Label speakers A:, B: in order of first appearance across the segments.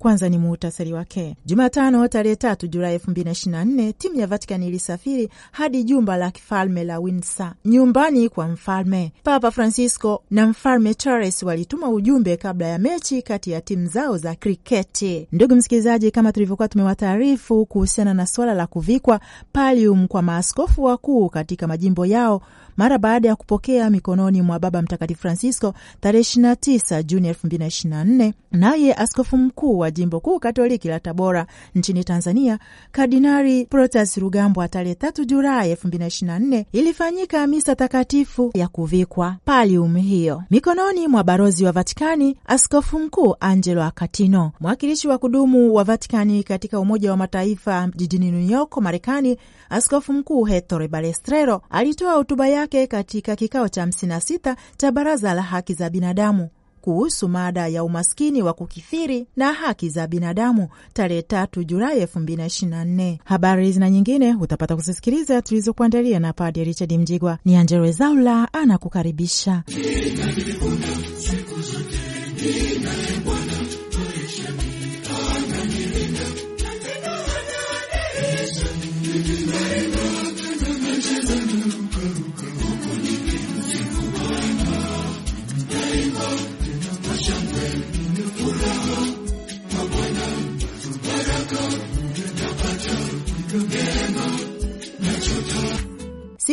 A: kwanza ni muhutasari wake. Jumatano tarehe tatu Julai elfu mbili na ishirini na nne timu ya Vatikani ilisafiri hadi jumba la kifalme la Windsor, nyumbani kwa mfalme. Papa Francisco na mfalme Charles walituma ujumbe kabla ya mechi kati ya timu zao za kriketi. Ndugu msikilizaji, kama tulivyokuwa tumewataarifu kuhusiana na suala la kuvikwa palium kwa maaskofu wakuu katika majimbo yao mara baada ya kupokea mikononi mwa Baba Mtakatifu Francisco tarehe 29 Juni 2024, naye askofu mkuu wa jimbo kuu katoliki la Tabora nchini Tanzania, Kardinari Protas Rugambwa tarehe 3 Julai 2024 ilifanyika misa takatifu ya kuvikwa palium hiyo mikononi mwa barozi wa Vatikani, Askofu Mkuu Angelo Akatino, mwakilishi wa kudumu wa Vatikani katika Umoja wa Mataifa jijini New York, Marekani. Askofu Mkuu Hetore Balestrero alitoa hotuba yake katika kikao cha 56 cha Baraza la Haki za Binadamu kuhusu mada ya umaskini wa kukithiri na haki za binadamu tarehe 3 Julai nne. Habari zina nyingine utapata kuzisikiliza tulizokuandalia na Padre Richard Mjigwa. Ni Angelo Ezaula anakukaribisha.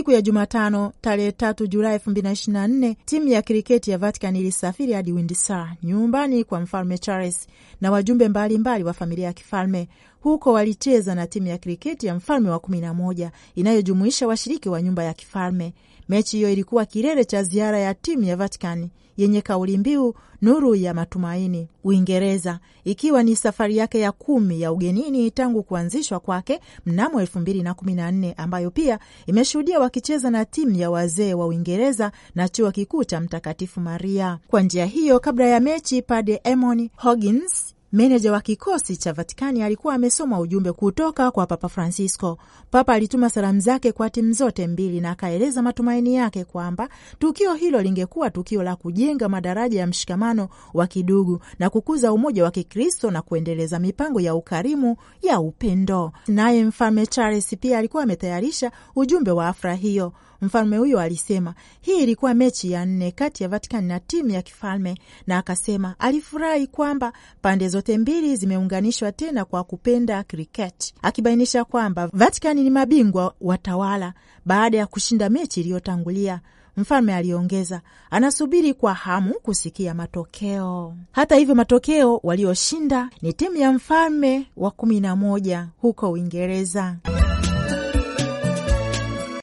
A: Siku ya Jumatano tarehe tatu Julai elfu mbili na ishirini na nne timu ya kriketi ya Vatican ilisafiri hadi Windsor, nyumbani kwa mfalme Charles na wajumbe mbalimbali mbali wa familia ya kifalme. Huko walicheza na timu ya kriketi ya mfalme wa kumi na moja inayojumuisha washiriki wa nyumba ya kifalme. Mechi hiyo ilikuwa kilele cha ziara ya timu ya Vatican yenye kauli mbiu nuru ya matumaini Uingereza, ikiwa ni safari yake ya kumi ya ugenini tangu kuanzishwa kwake mnamo elfu mbili na kumi na nne ambayo pia imeshuhudia wakicheza na timu ya wazee wa Uingereza na chuo kikuu cha Mtakatifu Maria. Kwa njia hiyo, kabla ya mechi, Pade Emon Hoggins Meneja wa kikosi cha Vatikani alikuwa amesoma ujumbe kutoka kwa Papa Francisco. Papa alituma salamu zake kwa timu zote mbili na akaeleza matumaini yake kwamba tukio hilo lingekuwa tukio la kujenga madaraja ya mshikamano wa kidugu na kukuza umoja wa Kikristo na kuendeleza mipango ya ukarimu ya upendo. Naye Mfalme Charles pia alikuwa ametayarisha ujumbe wa afra hiyo. Mfalme huyo alisema hii ilikuwa mechi ya nne kati ya Vatican na timu ya kifalme, na akasema alifurahi kwamba pande zote mbili zimeunganishwa tena kwa kupenda kriketi, akibainisha kwamba Vatican ni mabingwa watawala baada ya kushinda mechi iliyotangulia. Mfalme aliongeza, anasubiri kwa hamu kusikia matokeo. Hata hivyo, matokeo walioshinda ni timu ya mfalme wa kumi na moja huko Uingereza.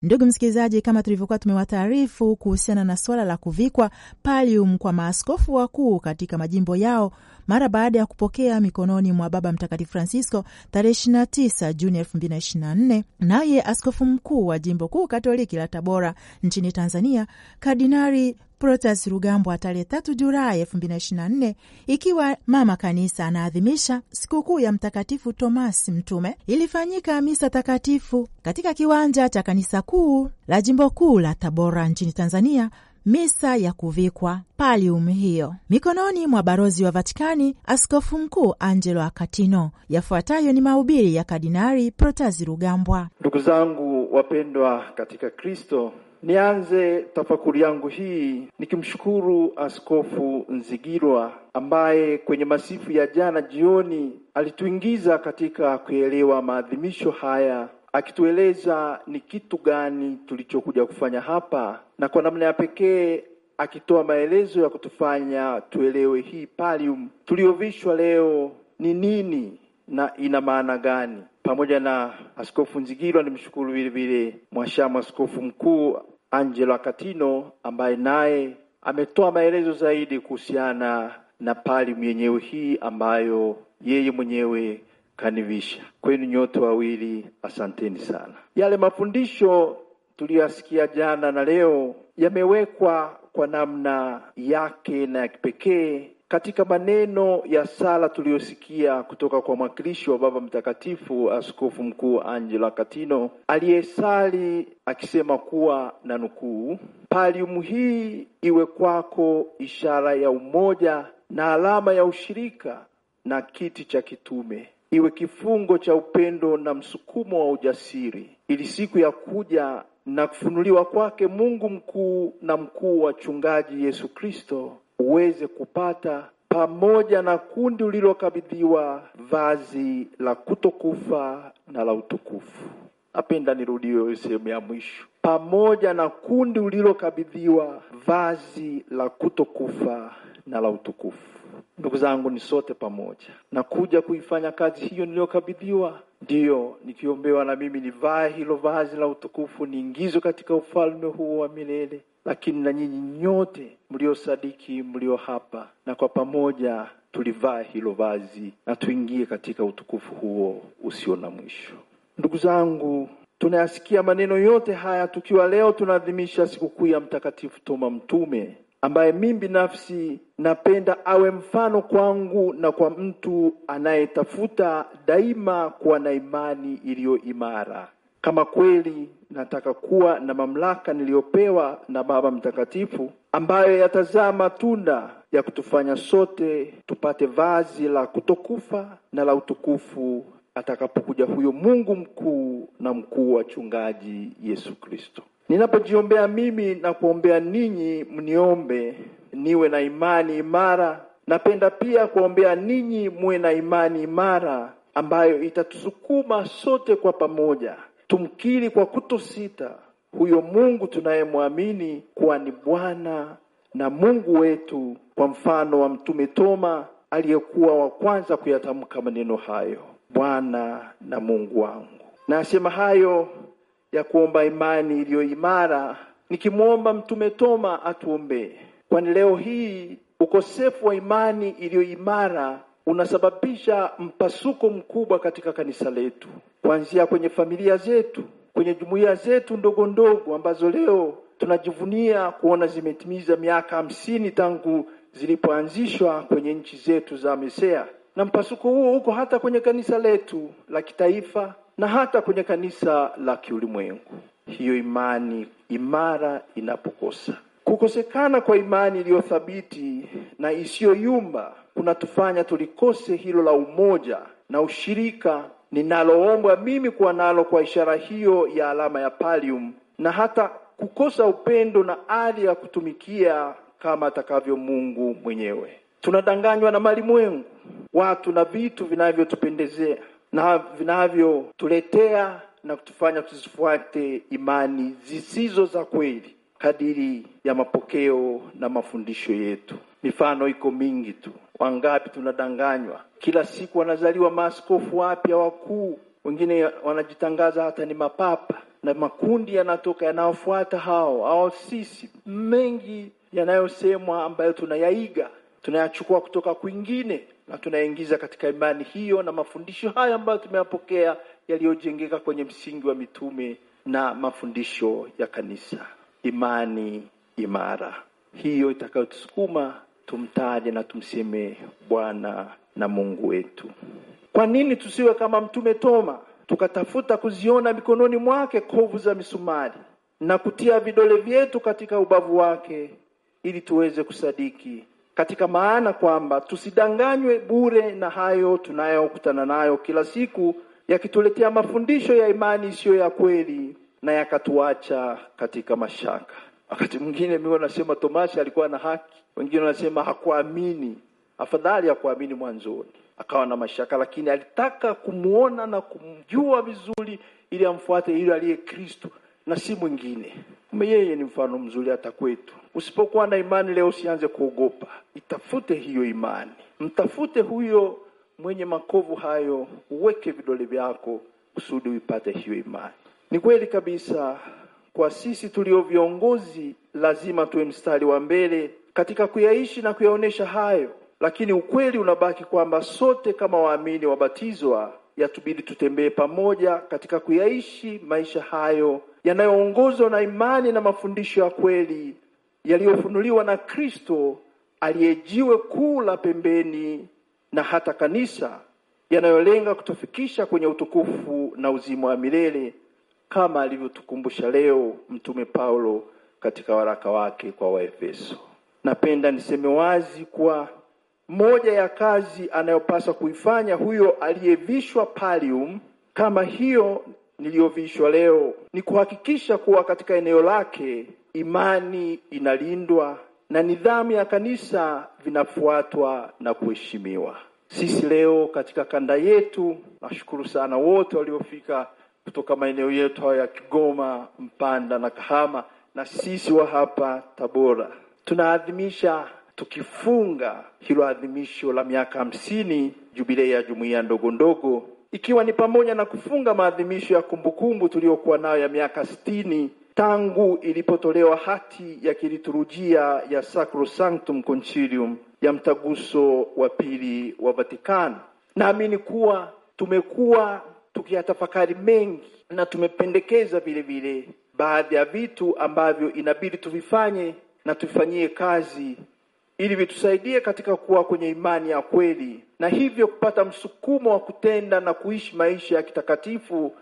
A: Ndugu msikilizaji, kama tulivyokuwa tumewataarifu kuhusiana na suala la kuvikwa palium kwa maaskofu wakuu katika majimbo yao mara baada ya kupokea mikononi mwa Baba Mtakatifu Francisco tarehe 29 Juni 2024, naye askofu mkuu wa jimbo kuu katoliki la Tabora nchini Tanzania, Kardinari Protas Rugambwa tarehe 3 Julai 2024, ikiwa mama kanisa anaadhimisha sikukuu ya Mtakatifu Tomasi Mtume, ilifanyika misa takatifu katika kiwanja cha kanisa kuu la jimbo kuu la Tabora nchini Tanzania misa ya kuvikwa palium hiyo mikononi mwa barozi wa Vatikani, askofu mkuu Angelo Akatino. Yafuatayo ni mahubiri ya Kardinari Protazi Rugambwa.
B: Ndugu zangu wapendwa katika Kristo, nianze tafakuri yangu hii nikimshukuru Askofu Nzigirwa ambaye kwenye masifu ya jana jioni alituingiza katika kuelewa maadhimisho haya akitueleza ni kitu gani tulichokuja kufanya hapa, na kwa namna ya pekee akitoa maelezo ya kutufanya tuelewe hii palium tuliyovishwa leo ni nini na ina maana gani. Pamoja na Askofu Nzigilwa, nimshukuru vile vile mwashamu Askofu Mkuu Angelo Akatino ambaye naye ametoa maelezo zaidi kuhusiana na palium yenyewe hii ambayo yeye mwenyewe kanivisha. Kwenu nyote wawili, asanteni sana. Yale mafundisho tuliyoyasikia jana na leo yamewekwa kwa namna yake na ya kipekee katika maneno ya sala tuliyosikia kutoka kwa mwakilishi wa Baba Mtakatifu, Askofu Mkuu Angelo akatino aliyesali akisema kuwa na nukuu, Palium hii iwe kwako ishara ya umoja na alama ya ushirika na kiti cha kitume iwe kifungo cha upendo na msukumo wa ujasiri, ili siku ya kuja na kufunuliwa kwake Mungu mkuu na mkuu wa chungaji Yesu Kristo uweze kupata pamoja na kundi ulilokabidhiwa vazi la kutokufa na la utukufu. Napenda nirudie hiyo sehemu ya mwisho, pamoja na kundi ulilokabidhiwa vazi la kutokufa na la utukufu. Ndugu zangu, ni sote pamoja na kuja kuifanya kazi hiyo niliyokabidhiwa. Ndiyo, nikiombewa na mimi nivae hilo vazi la utukufu, niingizwe katika ufalme huo wa milele. Lakini na nyinyi nyote mliosadiki, mlio hapa, na kwa pamoja tulivae hilo vazi na tuingie katika utukufu huo usio na mwisho. Ndugu zangu, tunayasikia maneno yote haya tukiwa leo tunaadhimisha sikukuu ya Mtakatifu Toma Mtume ambaye mimi binafsi napenda awe mfano kwangu na kwa mtu anayetafuta daima kuwa na imani iliyo imara. Kama kweli nataka kuwa na mamlaka niliyopewa na Baba Mtakatifu, ambayo yatazaa matunda ya kutufanya sote tupate vazi la kutokufa na la utukufu atakapokuja huyo Mungu mkuu na mkuu wa chungaji Yesu Kristo. Ninapojiombea mimi na kuombea ninyi, mniombe niwe na imani imara. Napenda pia kuombea ninyi muwe na imani imara ambayo itatusukuma sote kwa pamoja tumkiri kwa kutosita huyo Mungu tunayemwamini kuwa ni Bwana na Mungu wetu, kwa mfano wa Mtume Toma aliyekuwa wa kwanza kuyatamka maneno hayo, Bwana na Mungu wangu. Nasema hayo ya kuomba imani iliyo imara, nikimwomba Mtume Toma atuombee, kwani leo hii ukosefu wa imani iliyo imara unasababisha mpasuko mkubwa katika kanisa letu, kuanzia kwenye familia zetu, kwenye jumuiya zetu ndogo ndogo ambazo leo tunajivunia kuona zimetimiza miaka hamsini tangu zilipoanzishwa kwenye nchi zetu za Mesea, na mpasuko huo uko hata kwenye kanisa letu la kitaifa na hata kwenye kanisa la kiulimwengu. Hiyo imani imara inapokosa, kukosekana kwa imani iliyothabiti na isiyoyumba kunatufanya tulikose hilo la umoja na ushirika ninaloombwa mimi kuwa nalo kwa ishara hiyo ya alama ya palium na hata kukosa upendo na ari ya kutumikia kama atakavyo Mungu mwenyewe. Tunadanganywa na malimwengu, watu na vitu vinavyotupendezea na vinavyotuletea na kutufanya tusifuate imani zisizo za kweli kadiri ya mapokeo na mafundisho yetu. Mifano iko mingi tu, wangapi tunadanganywa kila siku. Wanazaliwa maaskofu wapya wakuu, wengine wanajitangaza hata ni mapapa, na makundi yanatoka yanayofuata hao au sisi. Mengi yanayosemwa ambayo tunayaiga tunayachukua kutoka kwingine na tunaingiza katika imani hiyo na mafundisho haya ambayo tumeyapokea yaliyojengeka kwenye msingi wa mitume na mafundisho ya kanisa. Imani imara hiyo itakayotusukuma tumtaje na tumseme Bwana na Mungu wetu. Kwa nini tusiwe kama mtume Toma, tukatafuta kuziona mikononi mwake kovu za misumari na kutia vidole vyetu katika ubavu wake ili tuweze kusadiki katika maana kwamba tusidanganywe bure na hayo tunayokutana nayo kila siku, yakituletea mafundisho ya imani isiyo ya kweli na yakatuacha katika mashaka. Wakati mwingine mi wanasema tomasi alikuwa na haki, wengine wanasema hakuamini. Afadhali hakuamini mwanzoni, akawa na mashaka, lakini alitaka kumwona na kumjua vizuri, ili amfuate yule aliye Kristo na si mwingine. Kumbe yeye ni mfano mzuri hata kwetu. Usipokuwa na imani leo, usianze kuogopa, itafute hiyo imani, mtafute huyo mwenye makovu hayo, uweke vidole vyako kusudi uipate hiyo imani. Ni kweli kabisa, kwa sisi tulio viongozi lazima tuwe mstari wa mbele katika kuyaishi na kuyaonyesha hayo, lakini ukweli unabaki kwamba sote kama waamini wabatizwa yatubidi tutembee pamoja katika kuyaishi maisha hayo yanayoongozwa na imani na mafundisho ya kweli yaliyofunuliwa na Kristo aliyejiwe kuu la pembeni na hata kanisa, yanayolenga kutufikisha kwenye utukufu na uzima wa milele kama alivyotukumbusha leo Mtume Paulo katika waraka wake kwa Waefeso. Napenda niseme wazi kuwa moja ya kazi anayopaswa kuifanya huyo aliyevishwa palium kama hiyo niliyovishwa leo ni kuhakikisha kuwa katika eneo lake imani inalindwa na nidhamu ya kanisa vinafuatwa na kuheshimiwa. Sisi leo katika kanda yetu, nashukuru sana wote waliofika kutoka maeneo yetu hayo ya Kigoma, Mpanda na Kahama, na sisi wa hapa Tabora tunaadhimisha tukifunga hilo adhimisho la miaka hamsini jubilei ya jumuiya ndogo ndogo, ikiwa ni pamoja na kufunga maadhimisho ya kumbukumbu tuliyokuwa nayo ya miaka sitini tangu ilipotolewa hati ya kiliturujia ya Sacrosanctum Concilium ya mtaguso wa pili wa Vatikano. Naamini kuwa tumekuwa tukiyatafakari mengi na tumependekeza vile vile baadhi ya vitu ambavyo inabidi tuvifanye na tuvifanyie kazi ili vitusaidie katika kuwa kwenye imani ya kweli na hivyo kupata msukumo wa kutenda na kuishi maisha ya kitakatifu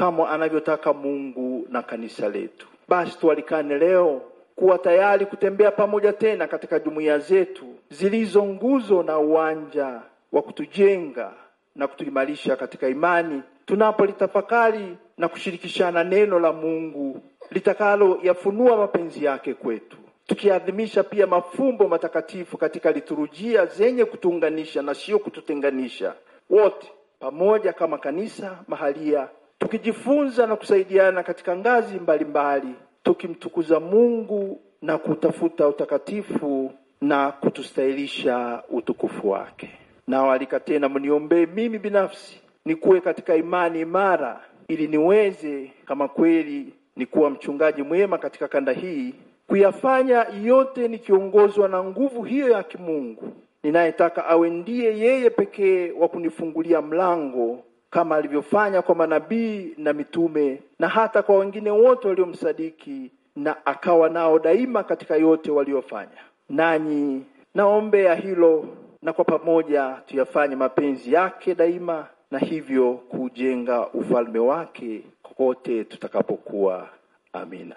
B: kama anavyotaka Mungu na kanisa letu. Basi tualikane leo kuwa tayari kutembea pamoja tena katika jumuiya zetu zilizo nguzo na uwanja wa kutujenga na kutuimarisha katika imani, tunapolitafakari na kushirikishana neno la Mungu litakalo yafunua mapenzi yake kwetu, tukiadhimisha pia mafumbo matakatifu katika liturujia zenye kutuunganisha na sio kututenganisha, wote pamoja kama kanisa mahalia tukijifunza na kusaidiana katika ngazi mbalimbali, tukimtukuza Mungu na kutafuta utakatifu na kutustahilisha utukufu wake. Nawaalika tena mniombee mimi binafsi nikuwe katika imani imara, ili niweze kama kweli ni kuwa mchungaji mwema katika kanda hii, kuyafanya yote nikiongozwa na nguvu hiyo ya kimungu, ninayetaka awe ndiye yeye pekee wa kunifungulia mlango kama alivyofanya kwa manabii na mitume na hata kwa wengine wote waliomsadiki na akawa nao daima katika yote waliofanya. Nanyi naombea hilo, na kwa pamoja tuyafanye mapenzi yake daima, na hivyo kujenga ufalme wake kokote tutakapokuwa. Amina.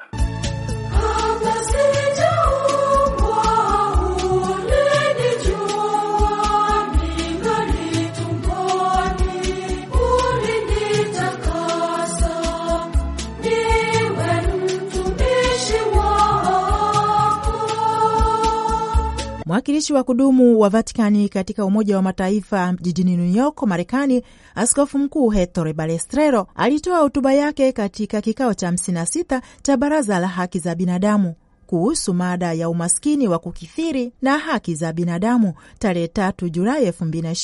A: Mwakilishi wa kudumu wa Vatikani katika Umoja wa Mataifa jijini New York, Marekani, Askofu Mkuu Hetore Balestrero alitoa hotuba yake katika kikao cha 56 cha Baraza la Haki za Binadamu kuhusu mada ya umaskini wa kukithiri na haki za binadamu tarehe tatu Julai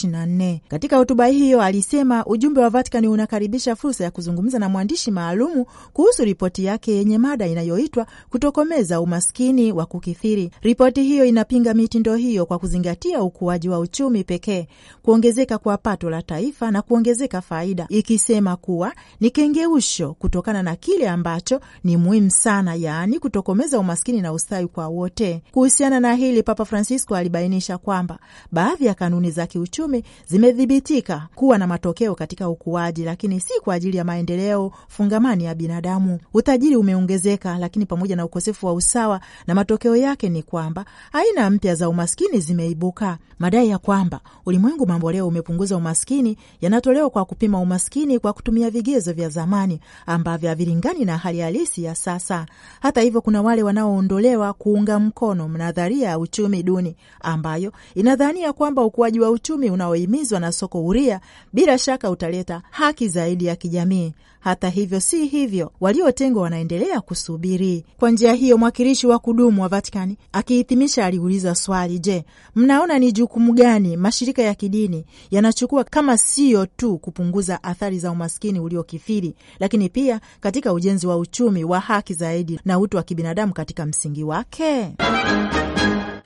A: nne. Katika hotuba hiyo alisema ujumbe wa Vatikani unakaribisha fursa ya kuzungumza na mwandishi maalumu kuhusu ripoti yake yenye mada inayoitwa kutokomeza umaskini wa kukithiri. Ripoti hiyo inapinga mitindo hiyo kwa kuzingatia ukuaji wa uchumi pekee, kuongezeka kwa pato la taifa na kuongezeka faida, ikisema kuwa ni kengeusho kutokana na kile ambacho ni muhimu sana, yaani kutokomeza umaskini amani na ustawi kwa wote. Kuhusiana na hili, Papa Francisco alibainisha kwamba baadhi ya kanuni za kiuchumi zimedhibitika kuwa na matokeo katika ukuaji, lakini si kwa ajili ya maendeleo fungamani ya binadamu. Utajiri umeongezeka, lakini pamoja na ukosefu wa usawa, na matokeo yake ni kwamba aina mpya za umaskini zimeibuka. Madai ya kwamba ulimwengu mamboleo umepunguza umaskini yanatolewa kwa kupima umaskini kwa kutumia vigezo vya zamani ambavyo havilingani na hali halisi ya sasa. Hata hivyo, kuna wale wanao kuondolewa kuunga mkono nadharia ya uchumi duni ambayo inadhania kwamba ukuaji wa uchumi unaohimizwa na soko huria bila shaka utaleta haki zaidi ya kijamii hata hivyo si hivyo, waliotengwa wanaendelea kusubiri. Kwa njia hiyo, mwakilishi wa kudumu wa Vatikani akihitimisha, aliuliza swali: Je, mnaona ni jukumu gani mashirika ya kidini yanachukua kama siyo tu kupunguza athari za umaskini uliokithiri, lakini pia katika ujenzi wa uchumi wa haki zaidi na utu wa kibinadamu katika msingi wake?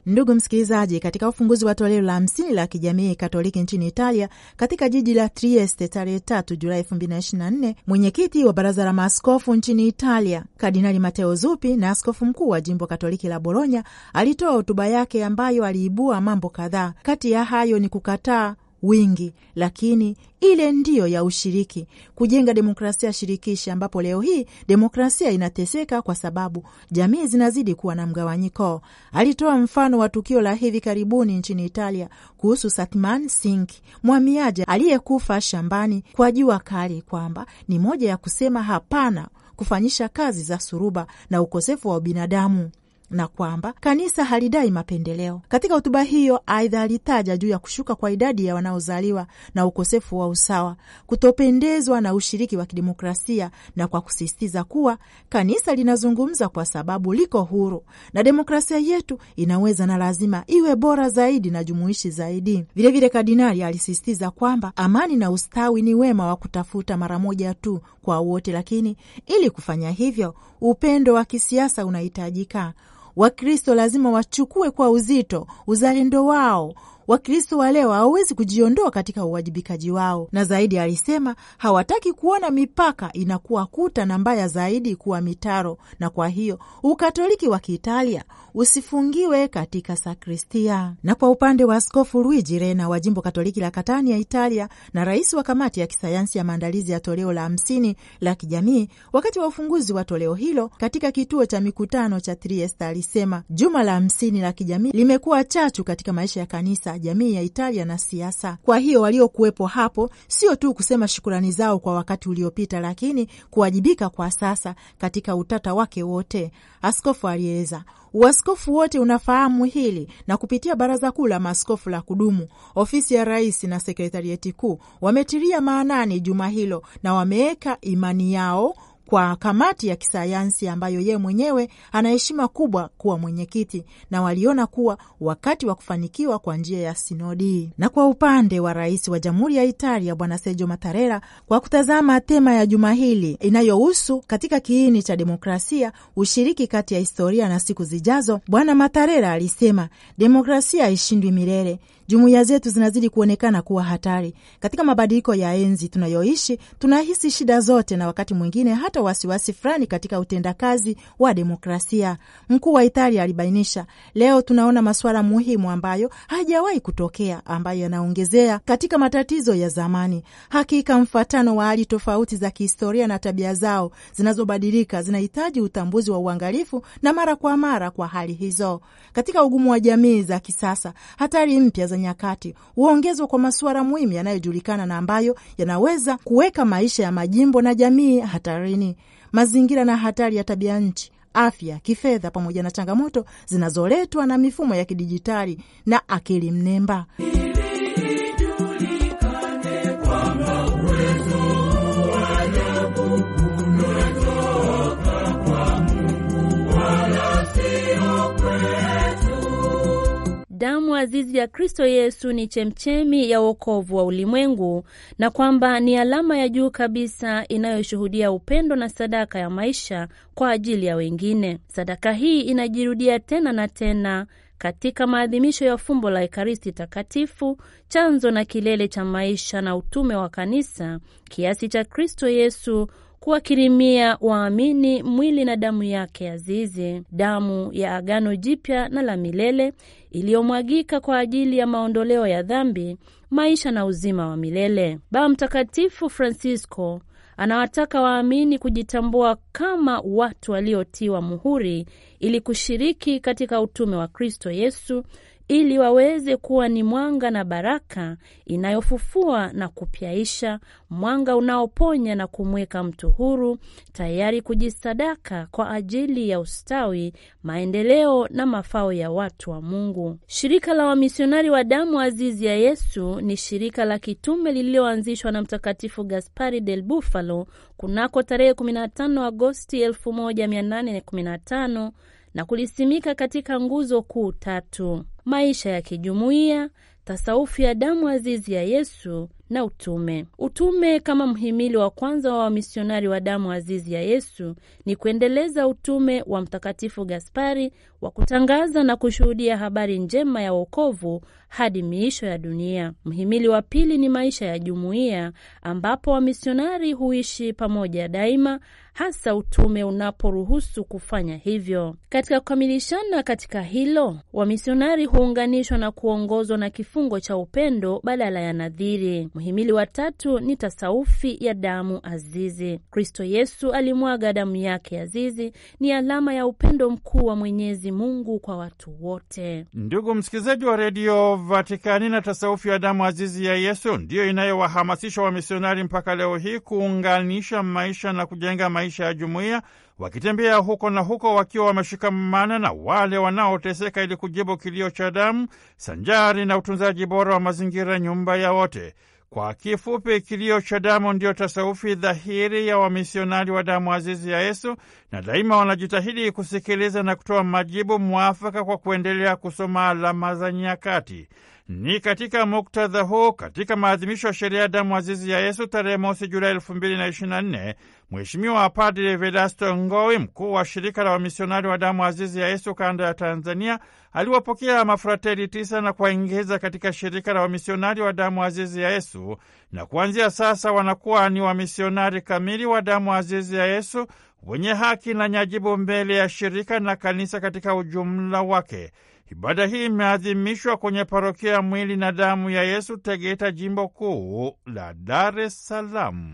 A: Ndugu msikilizaji, katika ufunguzi wa toleo la hamsini la kijamii Katoliki nchini Italia katika jiji la Trieste tarehe tatu Julai elfu mbili na na nne mwenyekiti wa baraza la maaskofu nchini Italia Kardinali Mateo Zuppi na askofu mkuu wa jimbo Katoliki la Bologna alitoa hotuba yake ambayo aliibua mambo kadhaa. Kati ya hayo ni kukataa wingi, lakini ile ndiyo ya ushiriki, kujenga demokrasia shirikishi, ambapo leo hii demokrasia inateseka kwa sababu jamii zinazidi kuwa na mgawanyiko. Alitoa mfano wa tukio la hivi karibuni nchini Italia kuhusu Satman sink mwamiaja aliyekufa shambani kwa jua kali, kwamba ni moja ya kusema hapana kufanyisha kazi za suruba na ukosefu wa ubinadamu na kwamba kanisa halidai mapendeleo. Katika hotuba hiyo, aidha alitaja juu ya kushuka kwa idadi ya wanaozaliwa na ukosefu wa usawa, kutopendezwa na ushiriki wa kidemokrasia, na kwa kusisitiza kuwa kanisa linazungumza kwa sababu liko huru na demokrasia yetu inaweza na lazima iwe bora zaidi na jumuishi zaidi. Vilevile, kardinali alisisitiza kwamba amani na ustawi ni wema wa kutafuta mara moja tu kwa wote, lakini ili kufanya hivyo upendo wa kisiasa unahitajika. Wakristo lazima wachukue kwa uzito uzalendo wao. Wakristo wa leo hawawezi kujiondoa katika uwajibikaji wao, na zaidi alisema hawataki kuona mipaka inakuwa kuta na mbaya zaidi kuwa mitaro. Na kwa hiyo Ukatoliki wa Kiitalia usifungiwe katika sakristia. Na kwa upande wa Askofu Luigi Rena wa jimbo Katoliki la katani ya Italia, na rais wa kamati ya kisayansi ya maandalizi ya toleo la hamsini la kijamii, wakati wa ufunguzi wa toleo hilo katika kituo cha mikutano cha Trieste, alisema juma la hamsini la kijamii limekuwa chachu katika maisha ya kanisa, jamii ya Italia na siasa. Kwa hiyo waliokuwepo hapo sio tu kusema shukurani zao kwa wakati uliopita, lakini kuwajibika kwa sasa katika utata wake wote, askofu alieleza. Uaskofu wote unafahamu hili na kupitia Baraza Kuu la maskofu la kudumu, ofisi ya rais na sekretarieti kuu wametilia maanani juma hilo na wameweka imani yao kwa kamati ya kisayansi ambayo yeye mwenyewe ana heshima kubwa kuwa mwenyekiti, na waliona kuwa wakati wa kufanikiwa kwa njia ya sinodi. Na kwa upande wa rais wa Jamhuri ya Italia Bwana Sergio Mattarella, kwa kutazama tema ya juma hili inayohusu katika kiini cha demokrasia ushiriki kati ya historia na siku zijazo, Bwana Mattarella alisema demokrasia haishindwi milele, Jumuiya zetu zinazidi kuonekana kuwa hatari. Katika mabadiliko ya enzi tunayoishi, tunahisi shida zote na wakati mwingine hata wasiwasi fulani katika utendakazi wa demokrasia. Mkuu wa Italia alibainisha, leo tunaona masuala muhimu ambayo hajawahi kutokea, ambayo yanaongezea katika matatizo ya zamani. Hakika mfatano wa hali tofauti za kihistoria na tabia zao zinazobadilika zinahitaji utambuzi wa uangalifu na mara kwa mara kwa hali hizo. Katika ugumu wa jamii za kisasa, hatari mpya za nyakati huongezwa kwa masuala muhimu yanayojulikana na ambayo yanaweza kuweka maisha ya majimbo na jamii hatarini: mazingira na hatari ya tabia nchi afya, kifedha, pamoja na changamoto zinazoletwa na mifumo ya kidijitali na akili mnemba.
C: damu azizi ya Kristo Yesu ni chemchemi ya wokovu wa ulimwengu na kwamba ni alama ya juu kabisa inayoshuhudia upendo na sadaka ya maisha kwa ajili ya wengine. Sadaka hii inajirudia tena na tena katika maadhimisho ya fumbo la Ekaristi Takatifu, chanzo na kilele cha maisha na utume wa Kanisa, kiasi cha Kristo Yesu kuwakirimia waamini mwili na damu yake azizi, damu ya agano jipya na la milele iliyomwagika kwa ajili ya maondoleo ya dhambi, maisha na uzima wa milele. Baba Mtakatifu Francisco anawataka waamini kujitambua kama watu waliotiwa muhuri ili kushiriki katika utume wa Kristo Yesu ili waweze kuwa ni mwanga na baraka inayofufua na kupyaisha, mwanga unaoponya na kumweka mtu huru, tayari kujisadaka kwa ajili ya ustawi, maendeleo na mafao ya watu wa Mungu. Shirika la Wamisionari wa Damu Azizi ya Yesu ni shirika la kitume lililoanzishwa na Mtakatifu Gaspari del Bufalo kunako tarehe 15 Agosti 1815 na kulisimika katika nguzo kuu tatu maisha ya kijumuiya, tasaufu ya damu azizi ya Yesu na utume. Utume kama mhimili wa kwanza wa wamisionari wa damu azizi ya Yesu ni kuendeleza utume wa Mtakatifu Gaspari wa kutangaza na kushuhudia habari njema ya wokovu hadi miisho ya dunia. Mhimili wa pili ni maisha ya jumuiya, ambapo wamisionari huishi pamoja daima, hasa utume unaporuhusu kufanya hivyo. Katika kukamilishana katika hilo, wamisionari huunganishwa na kuongozwa na kifungo cha upendo badala ya nadhiri. Mhimili wa tatu ni tasaufi ya damu azizi. Kristo Yesu alimwaga damu yake azizi, ni alama ya upendo mkuu wa Mwenyezi Mungu kwa watu wote.
D: Ndugu msikilizaji wa redio Vatikani, na tasaufi ya damu azizi ya Yesu ndiyo inayowahamasisha wamisionari mpaka leo hii kuunganisha maisha na kujenga maisha ya jumuiya wakitembea huko na huko wakiwa wameshikamana na wale wanaoteseka ili kujibu kilio cha damu sanjari na utunzaji bora wa mazingira, nyumba ya wote. Kwa kifupi, kilio cha damu ndiyo tasawufi dhahiri ya wamisionari wa damu azizi ya Yesu, na daima wanajitahidi kusikiliza na kutoa majibu mwafaka kwa kuendelea kusoma alama za nyakati. Ni katika muktadha huu, katika maadhimisho ya sherehe ya damu azizi ya Yesu tarehe mosi Julai elfu mbili na ishirini na nne, Mheshimiwa Padre Vedasto Ngowi, mkuu wa shirika la wamisionari wa damu azizi ya Yesu kanda ya Tanzania, aliwapokea mafurateri tisa na kuwaingiza katika shirika la wamisionari wa damu azizi ya Yesu, na kuanzia sasa wanakuwa ni wamisionari kamili wa damu azizi ya Yesu wenye haki na nyajibu mbele ya shirika na kanisa katika ujumla wake. Ibada hii imeadhimishwa kwenye parokia ya Mwili na Damu ya Yesu, Tegeta, jimbo kuu la Dar es Salaam.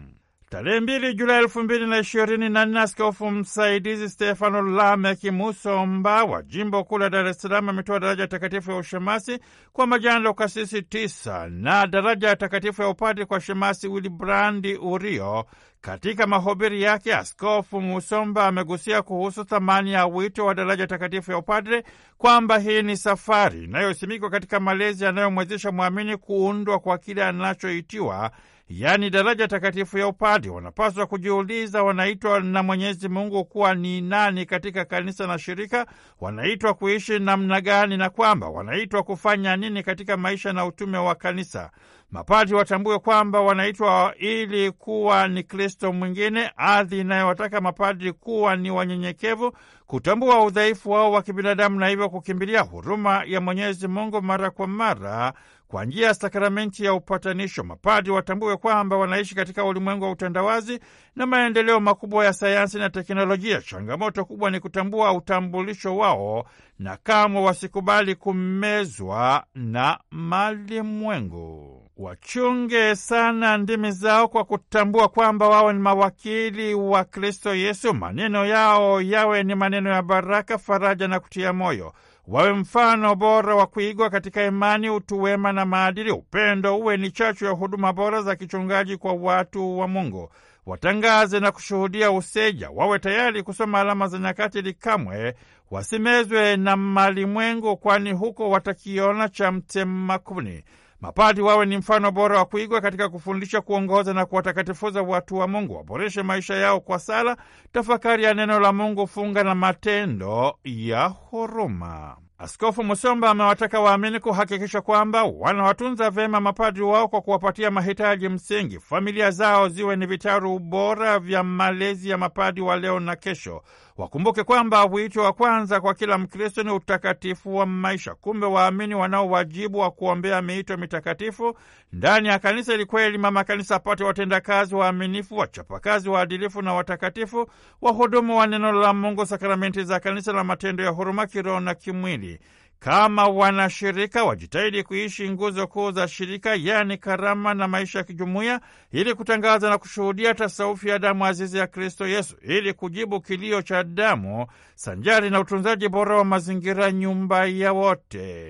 D: Tarehe mbili Julai elfu mbili na ishirini na nne, askofu msaidizi Stefano Lameki Musomba wa jimbo kuu la Dar es Salaam ametoa daraja ya takatifu ya ushemasi kwa majando kasisi tisa na daraja ya takatifu ya upadri kwa shemasi Wilibrandi Urio, katika mahubiri yake, Askofu Musomba amegusia kuhusu thamani ya wito wa daraja takatifu ya upadre, kwamba hii ni safari inayosimikwa katika malezi yanayomwezesha mwamini kuundwa kwa kile anachoitiwa, yaani daraja takatifu ya upadre. Wanapaswa kujiuliza, wanaitwa na Mwenyezi Mungu kuwa ni nani katika kanisa na shirika, wanaitwa kuishi namna gani, na kwamba wanaitwa kufanya nini katika maisha na utume wa kanisa. Mapadri watambue kwamba wanaitwa ili kuwa ni Kristo mwingine, ardhi inayowataka mapadri kuwa ni wanyenyekevu, kutambua udhaifu wao wa kibinadamu na hivyo kukimbilia huruma ya Mwenyezi Mungu mara kwa mara kwa njia ya sakramenti ya upatanisho. Mapadri watambue kwamba wanaishi katika ulimwengu wa utandawazi na maendeleo makubwa ya sayansi na teknolojia. Changamoto kubwa ni kutambua utambulisho wao na kamwe wasikubali kumezwa na malimwengu wachunge sana ndimi zao kwa kutambua kwamba wao ni mawakili wa Kristo Yesu. Maneno yao yawe ni maneno ya baraka, faraja na kutia moyo. Wawe mfano bora wa kuigwa katika imani, utu wema na maadili. Upendo uwe ni chachu ya huduma bora za kichungaji kwa watu wa Mungu. Watangaze na kushuhudia useja. Wawe tayari kusoma alama za nyakati, likamwe wasimezwe na malimwengu, kwani huko watakiona cha mtemakuni mapadi wawe ni mfano bora wa kuigwa katika kufundisha, kuongoza na kuwatakatifuza watu wa Mungu. Waboreshe maisha yao kwa sala, tafakari ya neno la Mungu, funga na matendo ya huruma. Askofu Musomba amewataka waamini kuhakikisha kwamba wanawatunza vyema mapadri wao kwa kuwapatia mahitaji msingi. Familia zao ziwe ni vitaru bora vya malezi ya mapadri wa leo na kesho. Wakumbuke kwamba wito wa kwanza kwa kila Mkristo ni utakatifu wa maisha. Kumbe waamini wanao wajibu wa kuombea miito mitakatifu ndani ya kanisa ili kweli mama kanisa apate watendakazi waaminifu, wachapakazi, waadilifu na watakatifu, wahudumu wa neno la Mungu, sakramenti za kanisa na matendo ya huruma kiroho na kimwili. Kama wanashirika wajitahidi kuishi nguzo kuu za shirika, yaani karama na maisha ya kijumuiya, ili kutangaza na kushuhudia tasaufi ya damu azizi ya Kristo Yesu, ili kujibu kilio cha damu, sanjari na utunzaji bora wa mazingira, nyumba ya wote.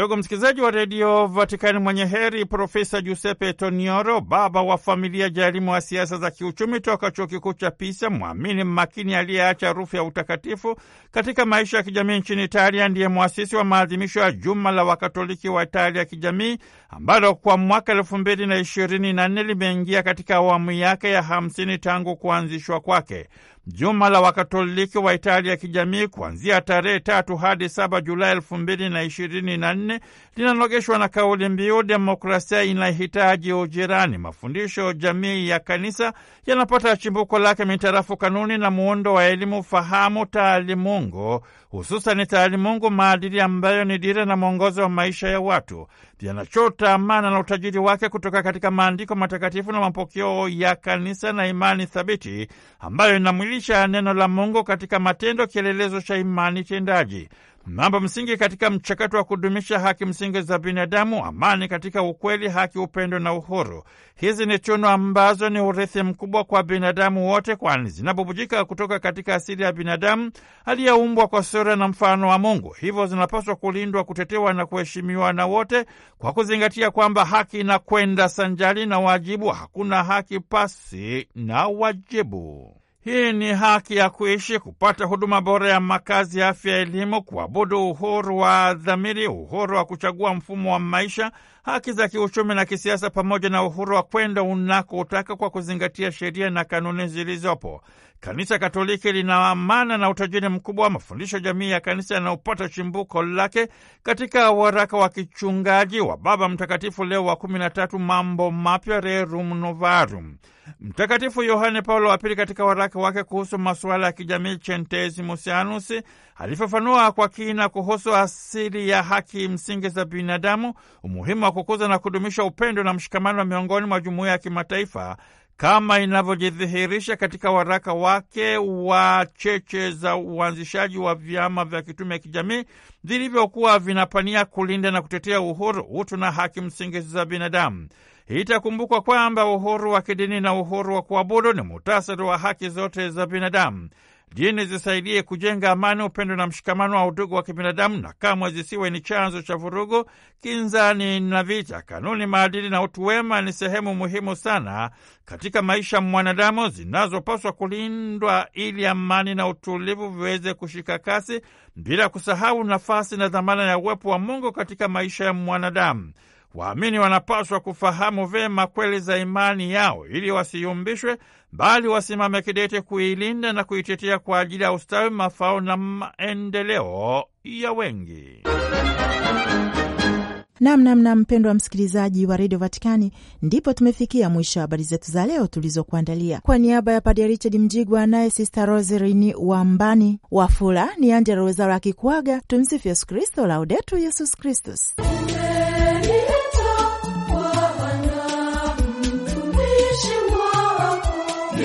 D: Ndugu msikilizaji wa redio Vatikani, mwenye heri Profesa Giuseppe Tonioro, baba wa familia ja elimu ya siasa za kiuchumi toka chuo kikuu cha Pisa, mwamini makini aliyeacha harufu ya utakatifu katika maisha ya kijamii nchini Italia, ndiye mwasisi wa maadhimisho ya juma la Wakatoliki wa Italia kijamii ambalo kwa mwaka elfu mbili na ishirini na nne limeingia katika awamu yake ya hamsini tangu kuanzishwa kwake juma la Wakatoliki wa Italia ya kijamii kuanzia tarehe tatu hadi saba Julai elfu mbili na ishirini na nne linanogeshwa na kauli mbiu demokrasia inahitaji ujirani. Mafundisho jamii ya kanisa yanapata chimbuko lake mitarafu kanuni na muundo wa elimu fahamu taalimungu, hususani taalimungu maadili ambayo ni dira na mwongozo wa maisha ya watu yanachota mana na utajiri wake kutoka katika maandiko matakatifu na mapokeo ya kanisa na imani thabiti ambayo inamwilisha neno la Mungu katika matendo, kielelezo cha imani tendaji mambo msingi katika mchakato wa kudumisha haki msingi za binadamu: amani katika ukweli, haki, upendo na uhuru. Hizi ni tunu ambazo ni urithi mkubwa kwa binadamu wote, kwani zinabubujika kutoka katika asili ya binadamu aliyeumbwa kwa sura na mfano wa Mungu. Hivyo zinapaswa kulindwa, kutetewa na kuheshimiwa na wote, kwa kuzingatia kwamba haki inakwenda sanjari na wajibu. Hakuna haki pasi na wajibu. Hii ni haki ya kuishi, kupata huduma bora ya makazi, afya, elimu, kuabudu, uhuru wa dhamiri, uhuru wa kuchagua mfumo wa maisha, haki za kiuchumi na kisiasa, pamoja na uhuru wa kwenda unakotaka kwa kuzingatia sheria na kanuni zilizopo. Kanisa Katoliki linaamana na utajiri mkubwa wa mafundisho jamii ya kanisa yanayopata chimbuko lake katika waraka wa kichungaji wa Baba Mtakatifu Leo wa kumi na tatu, Mambo Mapya, Rerum Novarum. Mtakatifu Yohane Paulo wa Pili katika waraka wake kuhusu masuala ya kijamii, Centesimus Anus alifafanua kwa kina kuhusu asili ya haki msingi za binadamu, umuhimu wa kukuza na kudumisha upendo na mshikamano miongoni mwa jumuiya ya kimataifa kama inavyojidhihirisha katika waraka wake wa cheche za uanzishaji wa vyama vya kitume kijamii vilivyokuwa vinapania kulinda na kutetea uhuru, utu na haki msingi za binadamu. Itakumbukwa kwamba uhuru wa kidini na uhuru wa kuabudu ni muhtasari wa haki zote za binadamu. Dini zisaidie kujenga amani, upendo na mshikamano wa udugu wa kibinadamu, na kamwe zisiwe ni chanzo cha vurugu, kinzani na vita. Kanuni, maadili na utu wema ni sehemu muhimu sana katika maisha mwanadamu zinazopaswa kulindwa ili amani na utulivu viweze kushika kasi, bila kusahau nafasi na dhamana ya uwepo wa Mungu katika maisha ya mwanadamu. Waamini wanapaswa kufahamu vema kweli za imani yao ili wasiyumbishwe, bali wasimame kidete kuilinda na kuitetea kwa ajili ya ustawi, mafao na maendeleo ya wengi.
A: Namnamna mpendwa wa msikilizaji wa redio Vatikani, ndipo tumefikia mwisho wa habari zetu za leo tulizokuandalia. Kwa niaba ya Padre Richard Mjigwa naye Sista Roserini Wambani Wafula, ni Angela Rwezaura akikuaga. Tumsifu Yesu Kristo, Laudetu Yesus Kristus.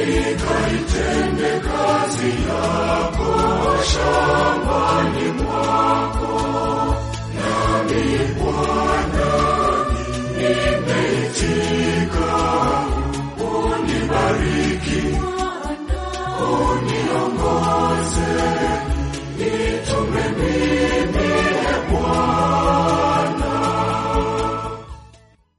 E: ikaitende kazi yako shambani mwako, nami Bwana nimeitika, unibariki, uniongoze, nitume mimi Bwana.